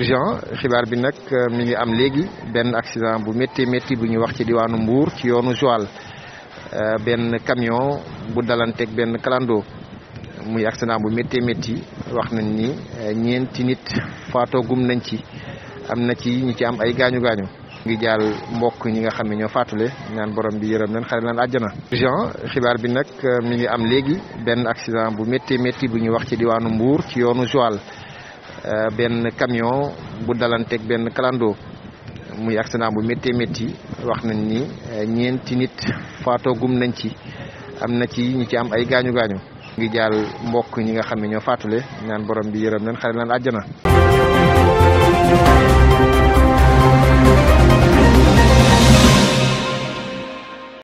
Jean xibaar bi nag euh, mi ngi am léegi benn accident bu métti métti bu ñuy wax ci diwaanu mbuur ci yoonu Joal euh, benn camion bu dalanteeg benn kalandoo muy accident bu métti métti wax nañ ni euh, ñeenti nit faatoo nañ ci am na ci ñi ci am ay gaañu gaañu. ngi jaal mbokk ñi nga xam ne ñoo faatule ñaan borom bi yërëm leen xare leen àjjana. Jean xibaar bi nag mi ngi am léegi benn accident bu métti métti bu ñuy wax ci diwaanu mbuur ci yoonu Joal. Euh, benn camion bu dalanteeg benn kalandoo muy accident bu métti métti wax nañ ni euh, ñeenti nit faatoo nañ ci am na ci ñi ci am ay gaañu gaañu. ngi jaal mbokk ñi nga xam ne ñoo faatule ñaan borom bi yërëm leen xare leen àjjana.